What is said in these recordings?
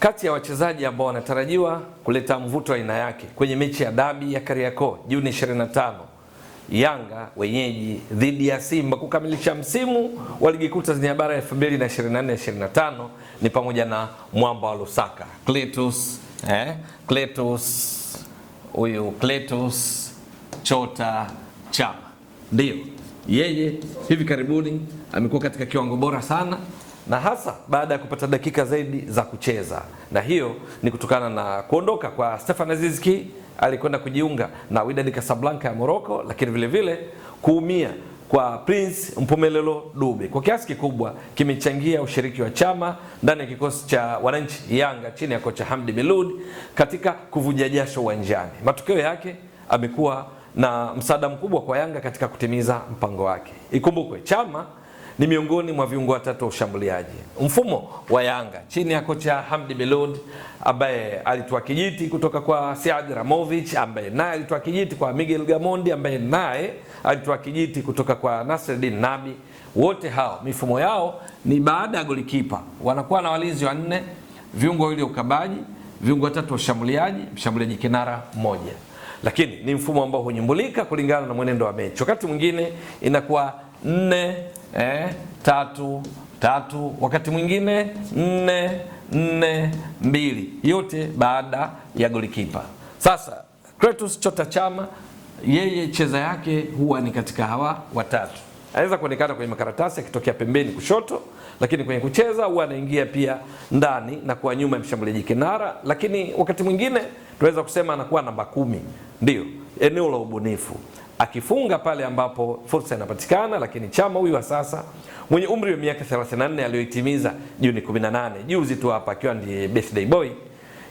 Kati ya wachezaji ambao wanatarajiwa kuleta mvuto aina yake kwenye mechi ya dabi ya Kariakoo Juni 25, Yanga wenyeji dhidi ya Simba kukamilisha msimu wa ligi kuu Tanzania bara 2024/2025 ni pamoja na mwamba wa Lusaka Cletus, eh, Cletus huyu Cletus Chota Chama, ndio yeye hivi karibuni amekuwa katika kiwango bora sana na hasa baada ya kupata dakika zaidi za kucheza, na hiyo ni kutokana na kuondoka kwa Stefan Azizki alikwenda kujiunga na Wydad Casablanca ya Morocco, lakini vile vile kuumia kwa Prince Mpumelelo Dube kwa kiasi kikubwa kimechangia ushiriki wa chama ndani ya kikosi cha wananchi Yanga chini ya kocha Hamdi Milud katika kuvuja jasho uwanjani. Matokeo yake amekuwa na msaada mkubwa kwa Yanga katika kutimiza mpango wake. Ikumbukwe chama ni miongoni mwa viungo watatu wa ushambuliaji mfumo wa Yanga chini ya kocha Hamdi Belod ambaye alitoa kijiti kutoka kwa Sead Ramovic ambaye naye alitoa kijiti kwa Miguel Gamondi ambaye naye alitoa kijiti kutoka kwa Nasreddin Nabi. Wote hao mifumo yao ni baada ya golikipa, wanakuwa na walinzi wanne, viungo wawili ukabaji, viungo watatu wa ushambuliaji, mshambuliaji kinara mmoja, lakini ni mfumo ambao hunyumbulika kulingana na mwenendo wa mechi. Wakati mwingine inakuwa nne eh, tatu tatu, wakati mwingine nne nne mbili, yote baada ya golikipa. Sasa Kretus Chota Chama yeye cheza yake huwa ni katika hawa watatu anaweza kuonekana kwenye makaratasi akitokea pembeni kushoto, lakini kwenye kucheza huwa anaingia pia ndani na kuwa nyuma ya mshambuliaji kinara, lakini wakati mwingine tunaweza kusema anakuwa namba kumi. Ndio eneo la ubunifu, akifunga pale ambapo fursa inapatikana. Lakini Chama huyu wa sasa mwenye umri wa miaka 34 aliyoitimiza Juni 18 juzi tu hapa, akiwa ndiye birthday boy,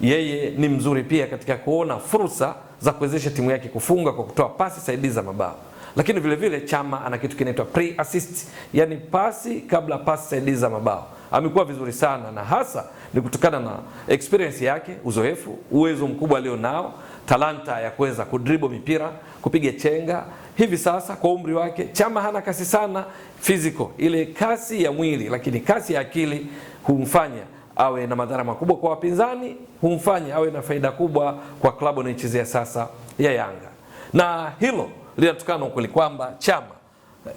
yeye ni mzuri pia katika kuona fursa za kuwezesha timu yake kufunga kwa kutoa pasi saidizi za mabao lakini vile vile Chama ana kitu kinaitwa pre assist, yani pasi kabla pasi saidizi za mabao. Amekuwa vizuri sana, na hasa ni kutokana na experience yake, uzoefu, uwezo mkubwa nao, talanta ya kuweza kudribo mipira kupiga chenga. Hivi sasa kwa umri wake, Chama hana kasi sana physical, ile kasi ya mwili, lakini kasi ya akili humfanya awe na madhara makubwa kwa wapinzani, humfanya awe na faida kubwa kwa klabu anayochezea sasa ya Yanga, na hilo linatokana na ukweli kwamba Chama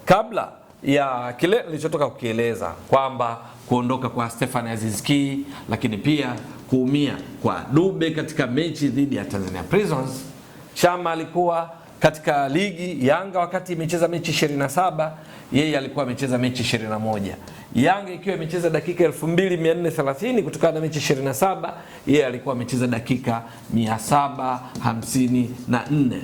kabla ya kile nilichotoka kukieleza kwamba kuondoka kwa Stefan Aziziki, lakini pia kuumia kwa Dube katika mechi dhidi ya Tanzania Prisons, Chama alikuwa katika ligi Yanga wakati imecheza mechi 27 yeye alikuwa amecheza mechi 21. Yanga ikiwa imecheza dakika 2430 kutokana na mechi 27, yeye alikuwa amecheza dakika 754.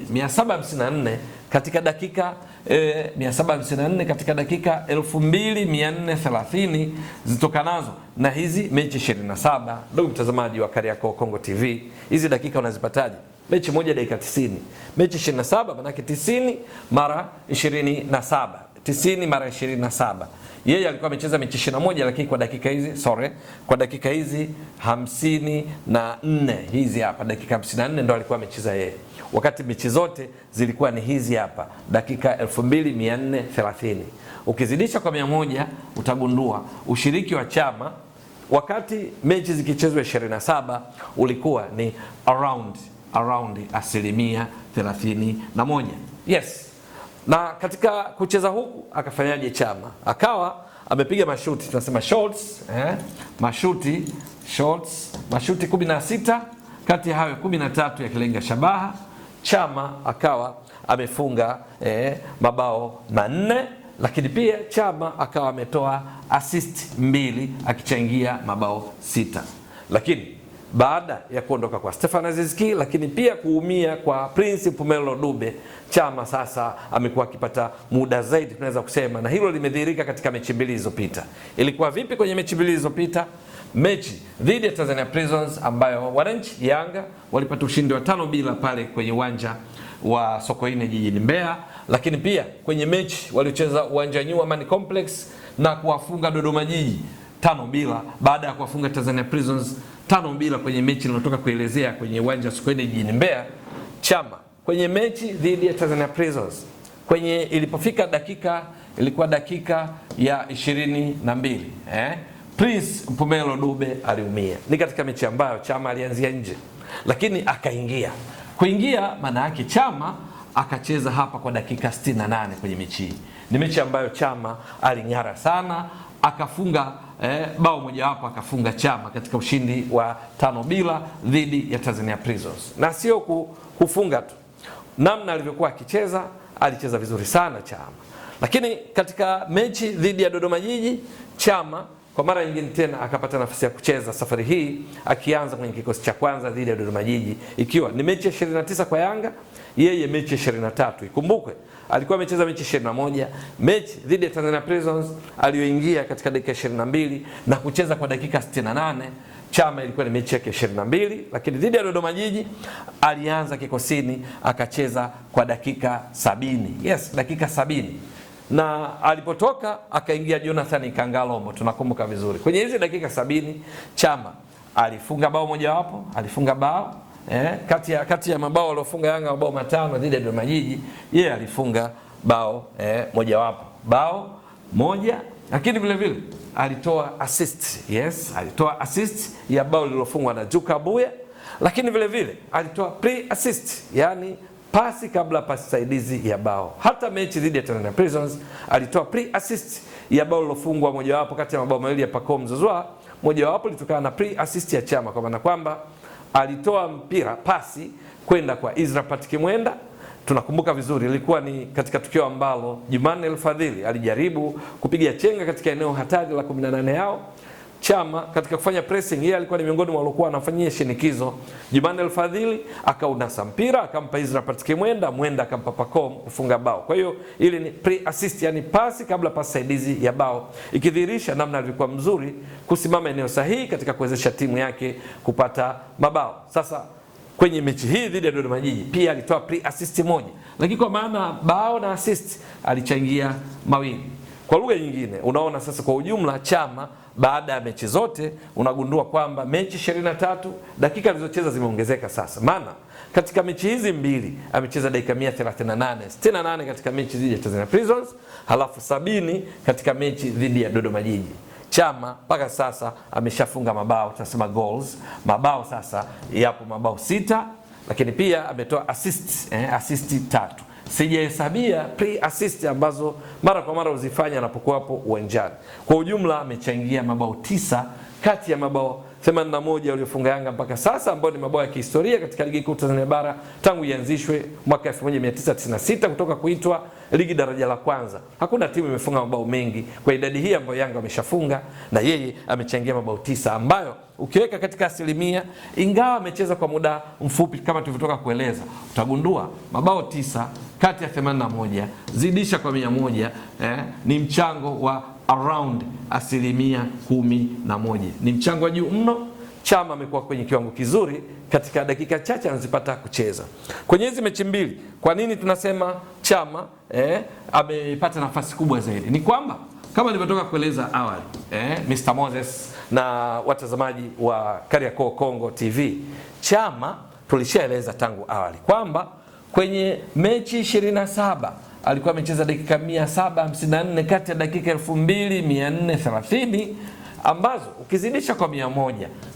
754 katika dakika eh, e, 754 katika dakika 2430 zitokanazo na hizi mechi 27. Ndugu mtazamaji wa Kariakoo Kongo TV, hizi dakika unazipataje? mechi moja dakika 90, mechi 27 manake 90 mara 27, 90 mara 27. Yeye alikuwa amecheza mechi 21, lakini kwa dakika hizi sorry, kwa dakika hizi 54 hizi hapa, dakika 54 ndo alikuwa amecheza yeye, wakati mechi zote zilikuwa ni hizi hapa, dakika 2430. Ukizidisha kwa mia moja utagundua ushiriki wa chama wakati mechi zikichezwa 27 ulikuwa ni around around asilimia 31. Yes. Na katika kucheza huku akafanyaje Chama? Akawa amepiga mashuti tunasema shots, eh? Mashuti shots, mashuti 16 kati ya hayo 13 yakilenga shabaha. Chama akawa amefunga eh, mabao manne lakini pia Chama akawa ametoa assist mbili akichangia mabao sita lakini baada ya kuondoka kwa Stefan Aziz-Ki, lakini pia kuumia kwa Prince Pumelo Dube. Chama sasa amekuwa akipata muda zaidi, tunaweza kusema, na hilo limedhihirika katika mechi mbili zilizopita. Ilikuwa vipi kwenye mechi mbili zilizopita? Mechi dhidi ya Tanzania Prisons ambayo wananchi Yanga walipata ushindi wa tano bila pale kwenye uwanja wa Sokoine jijini Mbeya, lakini pia kwenye mechi waliocheza uwanja New Amaan Complex na kuwafunga Dodoma Jiji tano bila baada ya kuwafunga Tanzania Prisons tano bila kwenye mechi linatoka kuelezea kwenye uwanja wa Sokoine jijini Mbeya. Chama kwenye mechi dhidi ya Tanzania Prisons kwenye ilipofika dakika ilikuwa dakika ya ishirini na mbili eh? Prince Mpumelo Dube aliumia, ni katika mechi ambayo Chama alianzia nje, lakini akaingia. Kuingia maana yake Chama akacheza hapa kwa dakika 68 kwenye mechi hii. Ni mechi ambayo Chama aling'ara sana, akafunga eh, bao mojawapo akafunga Chama katika ushindi wa tano bila dhidi ya Tanzania Prisons, na sio kufunga tu, namna alivyokuwa akicheza alicheza vizuri sana Chama. Lakini katika mechi dhidi ya Dodoma Jiji Chama kwa mara nyingine tena akapata nafasi ya kucheza safari hii akianza kwenye kikosi cha kwanza dhidi ya Dodoma Jiji, ikiwa ni mechi ya 29 kwa Yanga, yeye mechi ya 23. Ikumbukwe alikuwa amecheza mechi 21, mechi dhidi ya Tanzania Prisons aliyoingia katika dakika 22 na kucheza kwa dakika 68. Chama ilikuwa ni mechi yake 22, lakini dhidi ya Dodoma Jiji alianza kikosini akacheza kwa dakika sabini. Yes, dakika sabini na alipotoka akaingia Jonathan Kangalomo, tunakumbuka vizuri. Kwenye hizi dakika sabini Chama alifunga bao mojawapo, alifunga bao eh, kati ya kati ya mabao aliofunga Yanga mabao matano dhidi ya Dodoma Jiji, yeye yeah, alifunga bao eh, mojawapo, bao moja, lakini vile vile alitoa assist. Yes, alitoa assist ya bao lililofungwa na Juka Buya, lakini vile vile alitoa pre assist yani pasi kabla pasi saidizi ya bao. Hata mechi dhidi ya Tanzania Prisons alitoa pre assist ya bao lilofungwa, mojawapo kati ya mabao mawili ya Pacome Zouzoua, mojawapo litokana na pre assist ya Chama, kwa maana kwamba alitoa mpira pasi kwenda kwa Ezra Patrick Mwenda. Tunakumbuka vizuri, ilikuwa ni katika tukio ambalo Jumanne El alijaribu kupiga chenga katika eneo hatari la 18 yao Chama katika kufanya pressing, yeye alikuwa ni miongoni mwa waliokuwa anafanyia shinikizo. Jumanne Alfadhili akaunasa mpira akampa Izra Patrick Mwenda, Mwenda akampa Pacom kufunga bao. Kwa hiyo ili ni pre assist, yani pasi kabla pasi saidizi ya bao, ikidhihirisha namna alivyokuwa mzuri kusimama eneo sahihi katika kuwezesha timu yake kupata mabao. Sasa kwenye mechi hii dhidi ya Dodoma Jiji pia alitoa pre assist moja, lakini kwa maana bao na assist alichangia mawili. Kwa lugha nyingine, unaona sasa kwa ujumla Chama baada ya mechi zote unagundua kwamba mechi 23 dakika alizocheza zimeongezeka sasa, maana katika mechi hizi mbili amecheza dakika 138, 68 katika mechi dhidi ya Tanzania Prisons, halafu sabini katika mechi dhidi ya Dodoma Jiji. Chama mpaka sasa ameshafunga mabao tunasema goals, mabao sasa yapo mabao sita, lakini pia ametoa assists, eh, assist tatu sijahesabia pre assist ambazo mara kwa mara huzifanya anapokuwa hapo uwanjani. Kwa ujumla amechangia mabao tisa kati ya mabao 81 uliofunga Yanga mpaka sasa ambao ni mabao ya kihistoria katika ligi kuu Tanzania bara tangu ianzishwe mwaka 1996 kutoka kuitwa ligi daraja la kwanza. Hakuna timu imefunga mabao mengi kwa idadi hii ambayo Yanga ameshafunga, na yeye amechangia mabao tisa ambayo ukiweka katika asilimia, ingawa amecheza kwa muda mfupi kama tulivyotoka kueleza, utagundua mabao tisa kati ya 81 zidisha kwa 100 eh, ni mchango wa around asilimia kumi na moja. Ni mchango wa juu mno. Chama amekuwa kwenye kiwango kizuri, katika dakika chache anazipata kucheza kwenye hizi mechi mbili. Kwa nini tunasema Chama eh, amepata nafasi kubwa zaidi? Ni kwamba kama nilivyotoka kueleza awali eh, Mr Moses na watazamaji wa Kariakoo Kongo TV, Chama tulishaeleza tangu awali kwamba kwenye mechi 27 alikuwa amecheza dakika 754 kati ya dakika 2430 ambazo ukizidisha kwa 100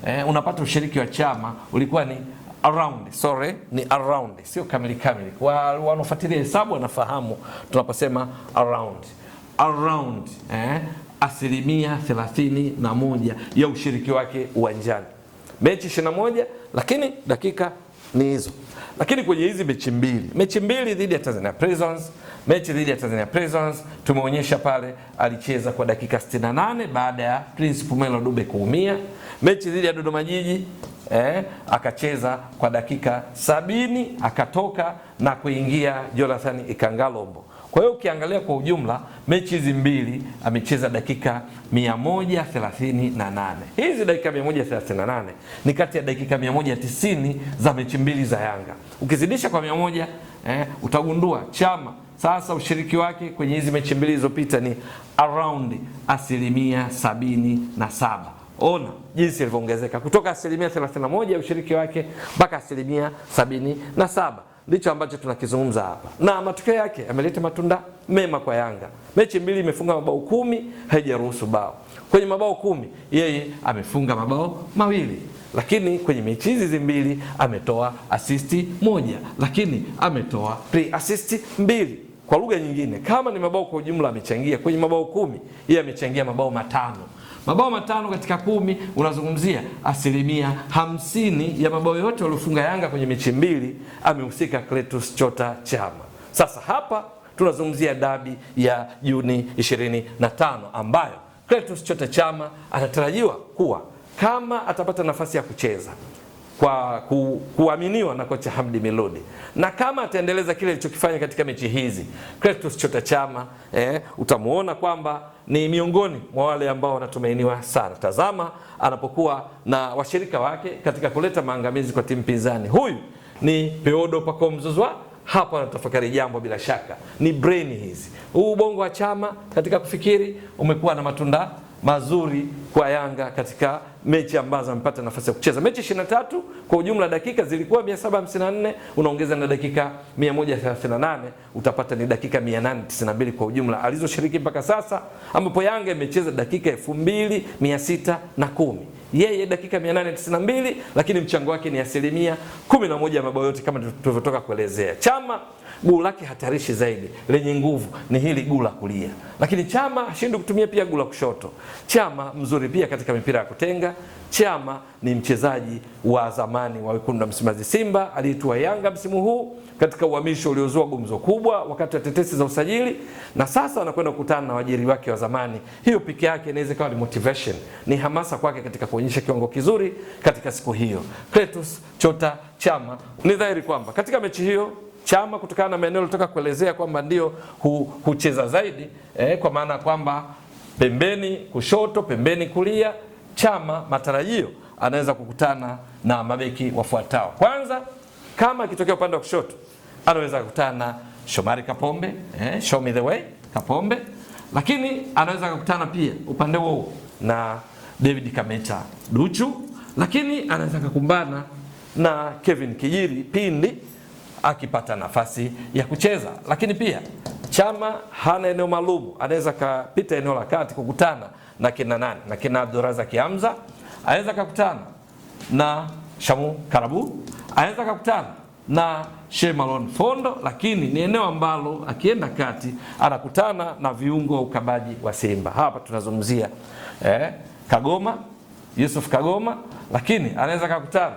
eh, unapata ushiriki wa chama ulikuwa ni around sorry, ni around, sio kamili kamili. Wanaofuatilia hesabu wanafahamu tunaposema around around eh, asilimia 31 ya ushiriki wake uwanjani mechi 21, lakini dakika ni hizo. Lakini kwenye hizi mechi mbili, mechi mbili dhidi ya Tanzania Prisons, mechi dhidi ya Tanzania Prisons tumeonyesha pale, alicheza kwa dakika 68 baada ya Prince Pumelo Dube kuumia mechi dhidi ya Dodoma Jiji eh, akacheza kwa dakika sabini akatoka na kuingia Jonathan Ikangalombo. Kwa hiyo ukiangalia kwa ujumla mechi hizi mbili amecheza dakika 138. Hizi dakika 138 ni kati ya dakika 190 za mechi mbili za Yanga. Ukizidisha kwa 100 eh, utagundua Chama sasa ushiriki wake kwenye hizi mechi mbili zilizopita ni around asilimia sabini na saba. Ona jinsi ilivyoongezeka kutoka asilimia 31 ya ushiriki wake mpaka asilimia 77. Ndicho ambacho tunakizungumza hapa, na matokeo yake yameleta matunda mema kwa Yanga. Mechi mbili imefunga mabao kumi, haijaruhusu bao. Kwenye mabao kumi yeye amefunga mabao mawili, lakini kwenye mechi hizi mbili ametoa asisti moja, lakini ametoa pre asisti mbili. Kwa lugha nyingine, kama ni mabao kwa ujumla amechangia kwenye mabao kumi, yeye amechangia mabao matano. Mabao matano katika kumi, unazungumzia asilimia hamsini ya mabao yote waliofunga Yanga kwenye mechi mbili amehusika Kletus Chota Chama. Sasa hapa tunazungumzia dabi ya Juni 25 ambayo Kletus Chota Chama anatarajiwa kuwa kama atapata nafasi ya kucheza kwa ku, kuaminiwa na kocha Hamdi Melodi, na kama ataendeleza kile alichokifanya katika mechi hizi, Clatous Chota Chama eh, utamuona kwamba ni miongoni mwa wale ambao wanatumainiwa sana. Tazama anapokuwa na washirika wake katika kuleta maangamizi kwa timu pinzani. Huyu ni Peodo Pakomzuzwa hapa anatafakari jambo, bila shaka ni brain hizi. Huu ubongo wa Chama katika kufikiri umekuwa na matunda mazuri kwa Yanga katika mechi ambazo amepata nafasi ya kucheza. Mechi 23 kwa ujumla dakika zilikuwa 754, unaongeza na dakika 138 utapata ni dakika 892 kwa ujumla alizoshiriki mpaka sasa, ambapo Yanga imecheza dakika 2610 yeye dakika 892 lakini mchango wake ni asilimia 11 ya mabao yote kama tulivyotoka kuelezea. Chama guu lake hatarishi zaidi lenye nguvu ni hili guu la kulia, lakini Chama hashindwi kutumia pia guu la kushoto. Chama mzuri pia katika mipira ya kutenga. Chama ni mchezaji wa zamani wa wekundu wa Msimbazi Simba aliyetua Yanga msimu huu katika uhamisho uliozua gumzo kubwa wakati wa tetesi za usajili, na sasa anakwenda kukutana na wajiri wake wa zamani. Hiyo peke yake inaweza ikawa ni motivation, ni hamasa kwake katika kuonyesha kiwango kizuri katika siku hiyo. Clatous Chota Chama, ni dhahiri kwamba katika mechi hiyo Chama kutokana na maeneo alitoka kuelezea kwamba ndio hu, hucheza zaidi eh, kwa maana ya kwamba pembeni kushoto, pembeni kulia, Chama matarajio anaweza kukutana na mabeki wafuatao. Kwanza, kama akitokea upande wa kushoto, anaweza kukutana Shomari Kapombe eh, show me the way Kapombe, lakini anaweza kukutana pia upande huo na David Kameta Duchu, lakini anaweza kukumbana na Kevin Kijiri pindi akipata nafasi ya kucheza, lakini pia Chama hana eneo maalum anaweza kapita eneo la kati kukutana na kina nani na kina Abdurazak Hamza, anaweza kakutana na Shamu Karabu, anaweza kakutana na Shemalon Fondo, lakini ni eneo ambalo akienda kati anakutana na viungo wa ukabaji wa Simba. Hapa tunazungumzia eh, Kagoma, Yusuf Kagoma, lakini anaweza kakutana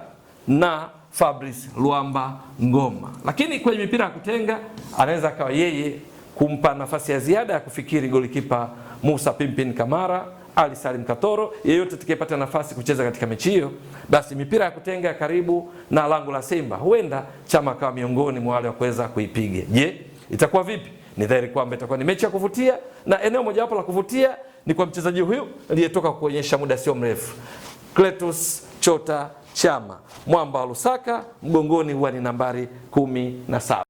na Fabrice Luamba Ngoma, lakini kwenye mipira ya kutenga anaweza akawa yeye kumpa nafasi ya ziada ya kufikiri golikipa Musa Pimpin Kamara, Ali Salim Katoro, yeyote atakayepata nafasi kucheza katika mechi hiyo, basi mipira ya kutenga ya karibu na lango la Simba, huenda Chama akawa miongoni mwa wale wa kuweza kuipiga. Je, itakuwa vipi? ni dhahiri kwamba itakuwa ni mechi ya kuvutia, na eneo mojawapo la kuvutia ni kwa mchezaji huyu aliyetoka kuonyesha muda sio mrefu, Kletus Chota Chama, mwamba wa Lusaka, mgongoni huwa ni nambari kumi na saba.